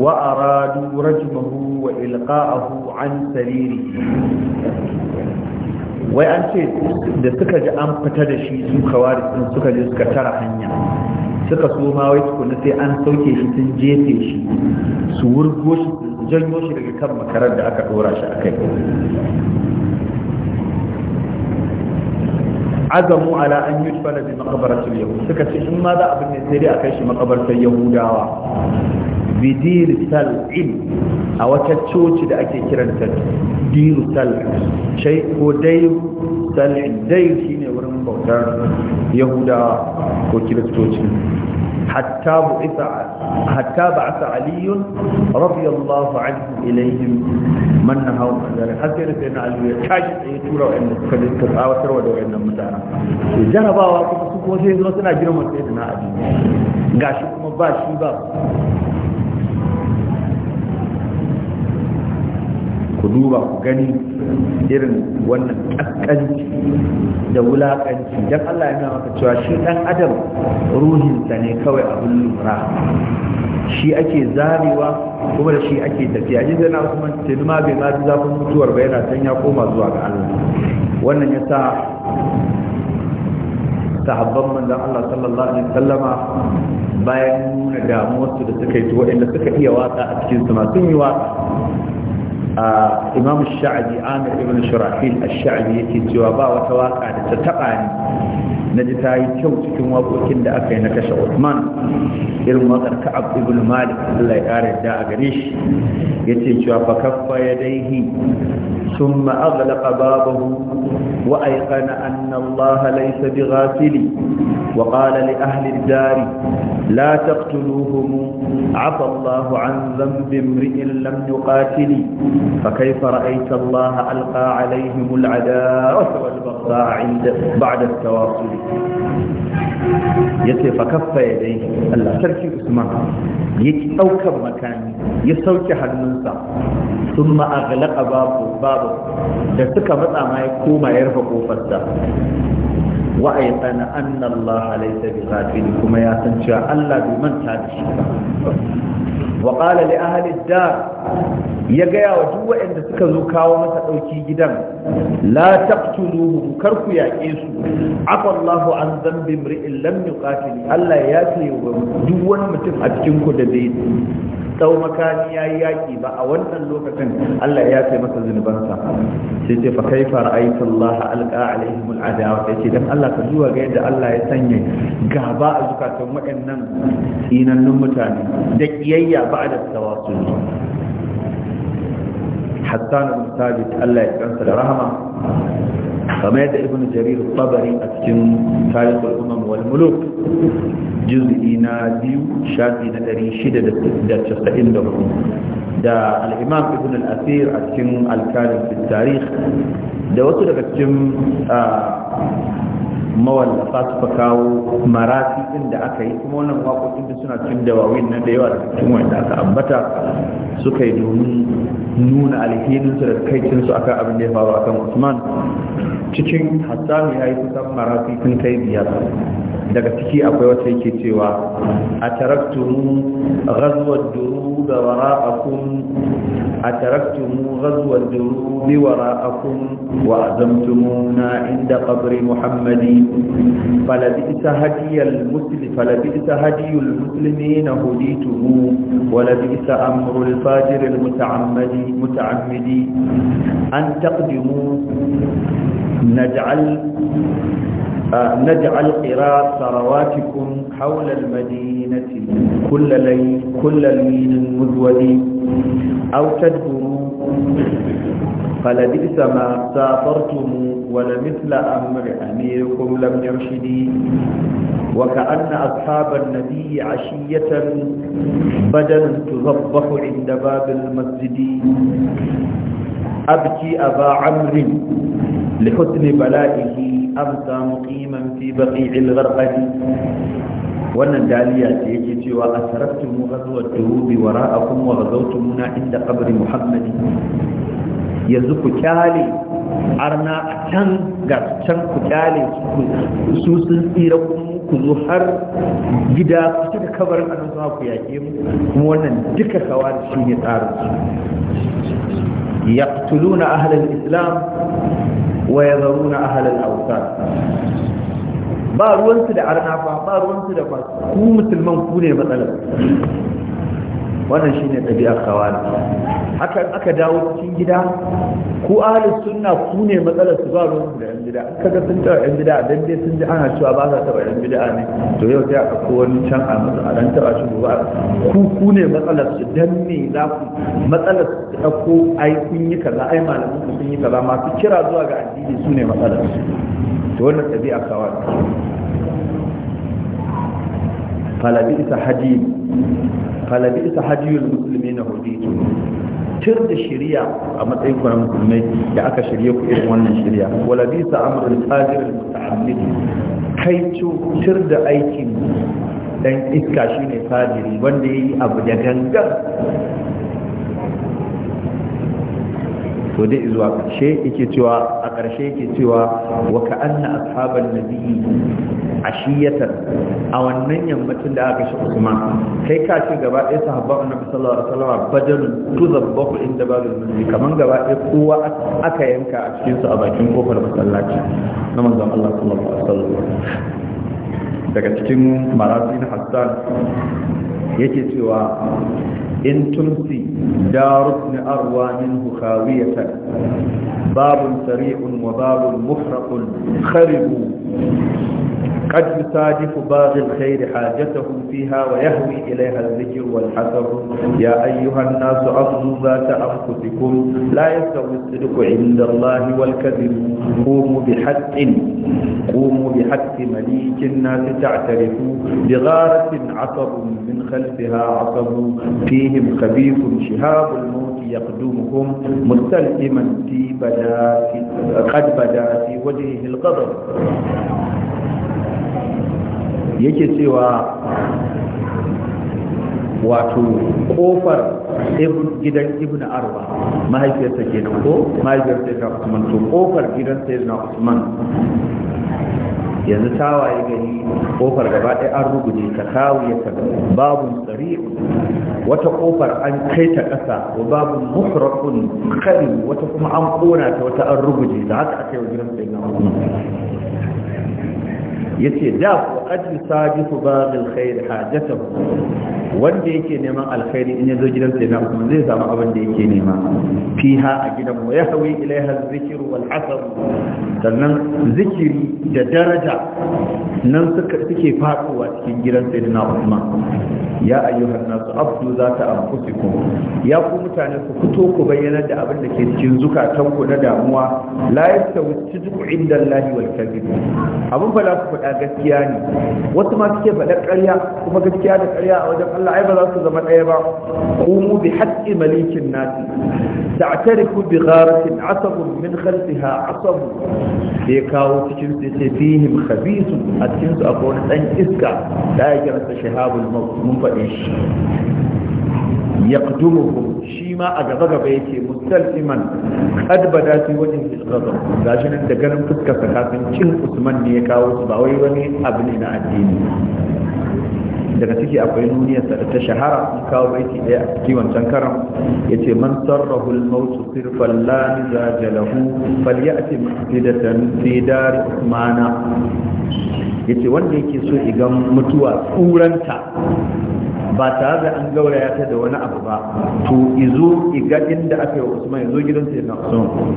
wa aradu rajmahu wa ilqa'ahu an sariri wai an ce da suka ji an fita da shi su kawari sun suka je suka tara hanya suka so ma wai tukuna sai an sauke shi sun jefe shi su wurgo shi janyo shi daga kan makarar da aka dora shi akai azamu ala an yi yudfana bi maqbaratil Yahu, suka ce in ma za abin ne sai dai a kai shi makabartar yahudawa bidir tal'in a wata coci da ake kiranta dir tal'in shai ko dai tal'in dai shi ne wurin bautar yahuda ko kiristoci hatta ba a sa'aliyun rafiyallahu alihun ilayhim man na hau ɓangare har sai da sai na aliyu ya kaji tsaye tura wa inda suka ka tsawatar wa da wa'annan mutane ya jarabawa kuma su kuma sai zuwa suna girma sai da na aliyu ga shi kuma ba shi ba ku duba ku gani irin wannan ƙasƙanci da wulaƙanci don Allah ya maka cewa shi ɗan adam ruhinsa ne kawai abin lura shi ake zarewa kuma da shi ake tafiya yin zana kuma tilma bai ma zafin mutuwar ba yana can ya koma zuwa ga Allah wannan ya sa sahabban manzan Allah sallallahu alaihi sallama bayan nuna damuwarsu da suka yi waɗanda suka iya wasa a cikin su sun yi wasa imam sha'abi amir ibn shurahil ash-sha'abi yake cewa ba wata waka da ta taba na ji ta yi kyau cikin wakokin da aka yi na kashe Uthman irin wakar Ka'ab ibn Malik Allah ya kare da a gare shi yace cewa fa kaffa yadayhi thumma aghlaqa babahu wa ayqana an أن الله ليس بغافل وقال لأهل الدار لا تقتلوهم عفى الله عن ذنب امرئ لم يقاتل فكيف رأيت الله ألقى عليهم العداوة والبغضاء عند بعد التواصل yace fa kaffa ya dai Allah sarki Usman yake daukar makami ya sauke hannunsa sun ma'agalaka babu da suka matsa ma ya koma ya rufe kofarsa wa ayqana anna Allah laysa kuma yasan cewa Allah bai manta da shi wa qala li ahli ya gaya wa duk waɗanda suka zo kawo masa ɗauki gidan la taqtuluhu kar ku yaƙe su afa Allahu an zambi mri'in lam yuqatili Allah ya yafe wa duk mutum a cikin ku da bai tsau makani yayi yaƙi ba a wannan lokacin Allah ya yafe masa zunubansa sai ce fa kaifa ra'aita Allah alqa alaihim al'adawa sai ce dan ta zuwa ga yadda Allah ya sanya gaba a zukatan waɗannan tsinannun mutane da ƙiyayya ba da tawasul Hassan ibn Thabit Allah ya kansa da rahama kamar yadda Ibn Jarir Tabari a cikin tarihi al-Umam wal Muluk juz'i na biyu shafi na shida da da al'imam ibn asir a cikin alkalin tarihi da wasu daga cikin ah, mawallafa suka kawo marasi din da aka yi kuma wannan waƙoƙin da suna cin da wawin nan da yawa da cikin wanda aka ambata suka yi domin nuna su da kai su akan abin da ya faru akan Usman cikin hassanu ya yi kusan marasi sun kai biyar daga ciki akwai wata yake cewa a taraktumu ghazwat duru wara'akum wara'akun a taraktumu ghazwar duru bi wara'akun wa azamtumu inda qabri muhammadi فلبئس هدي المسلم فلبئس هدي المسلمين هديته ولبئس أمر الفاجر المتعمد متعمد أن تقدموا نجعل آه، نجعل قراء ثرواتكم حول المدينة كل ليل كل ليل مزود أو تدبروا falabisa ma safartumu wala mithla amr amirkum lam yarshidi wa ka anna ashaban nabiyyi ashiyatan badan tuzabbahu inda babil masjidi abki aba amrin لحسن بلائه أمسى مقيما في بقيع الغرقة وأن الدالية تيجد وأسرفتم غزوة الدروب وراءكم وغزوتمنا عند قبر محمد yanzu ku kyale arna a can ga can ku kyale su sun tsira ku zo har gida ku da kabarin annabi sama ku yaƙe mu kuma wannan duka da shi ne tsarin su yaqtuluna ahlal islam wa yadharuna ahlal awsat ba ruwansu da arna fa ba ruwansu da fasu ku musulman ku ne matsalar wannan shine ɗabi'ar kawar hakan aka dawo cikin gida ku ahli sunna ku ne matsalar su ba ruwan da yan gida kaga sun taba yan gida dan dai sun ji ana cewa ba za ta taba yan gida ne to yau sai aka ko wani can a masa a dan taba shi ba ku ku ne matsalar su dan me za ku matsalar su da ko ai kun yi kaza ai malamin ku sun yi kaza masu kira zuwa ga addini su ne matsalar su to wannan tabi'a kawai فلبئس حديث فلبئس حديث المسلمين هديته tur da shirya a matsayin ku na musulmai da aka shirya ku irin wannan shirya wala bisa amrul fajir muta'ammid kai tur da aikin dan iska shine fajiri wanda yayi abu da gangan to dai zuwa karshe yake cewa a karshe yake cewa wa ka'anna anna ashaban nabiyyi ashiyatan a wannan yammacin da aka shi Usman kai ka ce gaba ɗaya sahabban Annabi sallallahu alaihi wasallam badalun tuzabbahu inda babul masjid kaman gaba ɗaya kowa aka yanka a cikin su a bakin kofar masallaci na manzon Allah sallallahu alaihi wasallam daga cikin marasi na Hassan yake cewa إن تنسي دار ابن أروى منه خاوية باب سريع وباب مفرق خربوا قد يصادف باغ الخير حاجته فيها ويهوي إليها الذكر والحسر يا أيها الناس أفضوا ذات أنفسكم لا يستوي الصدق عند الله والكذب قوموا بحق قوموا بحق مليك الناس تعترفوا بغارة عصب من خلفها عصب فيهم خبيث شهاب الموت يقدمهم مستلزما في بدا قد بدا في وجهه الغضب yake cewa wato kofar gidan ibn arba mahaifiyarsa ke nan ko mahaifiyarsa ta usman to kofar gidan sayyidina usman yanzu tawaye gari kofar gaba ɗaya an rubuce ka ya ka babu tsari wata kofar an kai ta ƙasa wa babu mukrafun kari wata kuma an kona ta wata an rubuce, da haka aka yi wa gidan sayyidina usman yace da ku ajli ba baghil khair hajatahu wanda yake neman alkhairi in yazo gidan sai na kuma zai samu abin da yake nema fiha a gidan mu ya hawi ilaiha zikru wal hasab sannan zikiri da daraja nan suka suke faduwa cikin gidan sai na Usman ya ayyuhan nasu abdu zata anfusikum ya ku mutane ku fito ku bayyana da abin da ke cikin zukatanku na damuwa la yastawi duk inda Allah wal kadhib abun ba la ku faɗa faɗa gaskiya ne wasu ma suke faɗa ƙarya kuma gaskiya da ƙarya a wajen Allah ai ba za su zama ɗaya ba qumu bi haqqi malikin nas ta'tarifu bi gharatin asabun min khalfiha asab da ya kawo cikin su ce fihim khabisu a cikin su akwai wani dan iska da ya kira sa shahabul maut mun faɗe shi yaqdumuhum shi ma a gaba gaba yake mustalsiman qad bada fi wajhi al gashi nan da ganin fuskar kafin cin Usman ne ya kawo su ba wai wani abu ne na addini daga ciki akwai nuniyar da ta shahara sun kawo baiti ɗaya a ciki wancan karam ya ce man sarrahu al-mautu sirfan la nizaja lahu falyati masjidatan fi dar usmana yace wanda yake so igan mutuwa tsuranta ba tare da an gauraya ta da wani abu ba to izo iga inda aka yi usman izo gidan sai na usman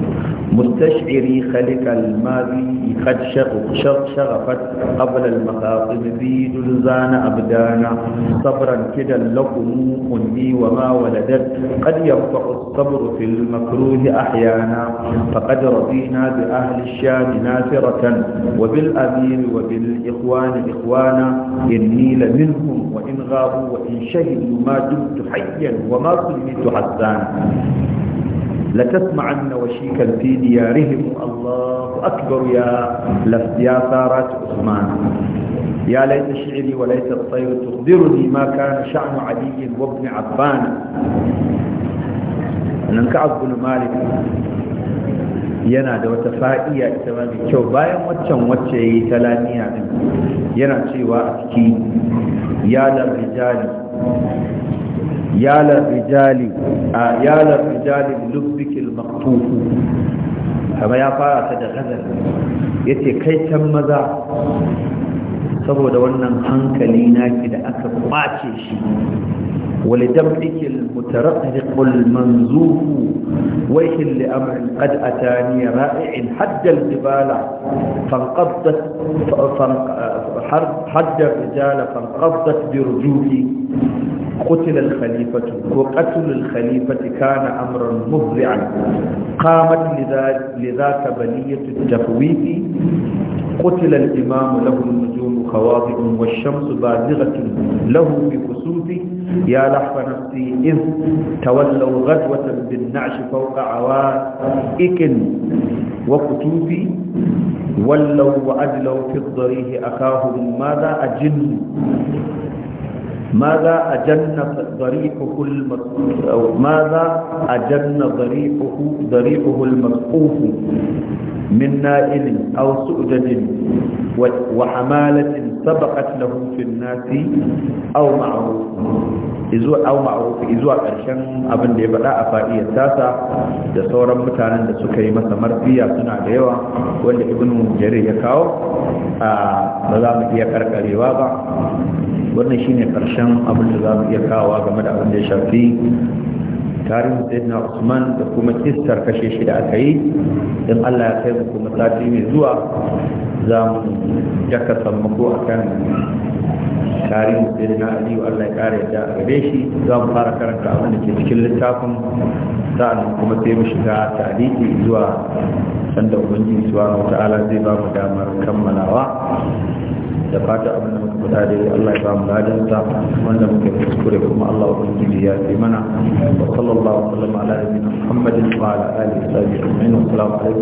mustashiri khalikal mazi qad shagafat qabla al maqasim bi dulzana abdana sabran kida lakum ummi wa ma waladat qad yanfa as-sabr fi al makruh ahyana faqad radina bi ahli الشام نافرة وبالأمير وبالإخوان إخوانا إني لمنهم وإن غابوا وإن الذي شهدوا ما دمت حيا وما كنت حسانا لتسمعن وشيكا في ديارهم الله أكبر يا يا ثارات عثمان يا ليت شعري وليت الطير تخبرني ما كان شأن علي وابن عفان أن كعب بن مالك yana da wata fa'iya ita ma mai kyau bayan waccan wacce ya yi ta lamiya din yana cewa a ciki yalar rijali yalar rijali a yalar rijali lubbikil maktufu kama ya fara ta da gazar ya ce kai can maza saboda wannan hankali naki da aka kwace shi ولدفعك المترقق المنزوف ويح لأمر قد أتاني رائع حد الجبال فانقضت حد الرجال فانقضت برجوفي قتل الخليفة وقتل الخليفة كان أمرا مهرعا قامت لذاك بنية التفويت قتل الإمام له النجوم خواضع والشمس بازغة له بكسوفه يا لحظة نفسي إذ تولوا غدوة بالنعش فوق عوائك وكتوفي ولوا وأجلوا في الضريح أخاهم ماذا أجن ماذا أجن ضريحه المسقوف أو ماذا أجن ضريحه ضريحه المسقوف من نائل أو سؤدد وحمالة سبقت له في الناس أو معروف izuwa au ma'arufi izuwa karshen abin da ya bada a fa'iyar tasa da sauran mutanen da suka yi masa marfiya suna da yawa wanda ibn jarir ya kawo ba za mu iya karkarewa ba wannan shine karshen. karshen abin da za mu iya kawowa game da abin da ya shafi tarihin na usman da kuma kistar kashe shi da aka yi don allah ya kai mu kuma sati mai zuwa za mu daka sammako akan tarihi da na aliyu allah ya kare da a gare shi za mu fara karanta abin da ke cikin littafin sa'an kuma sai mu shiga tarihi zuwa sanda ubangiji subhanahu ta'ala zai ba mu damar kammalawa da fata abin da muka fita da Allah ya ba mu ladan sa wanda muke kuskure kuma Allah ubangiji ya yi mana wa sallallahu alaihi wa sallam ala nabiyina Muhammadin wa ala alihi wa sahbihi wa assalamu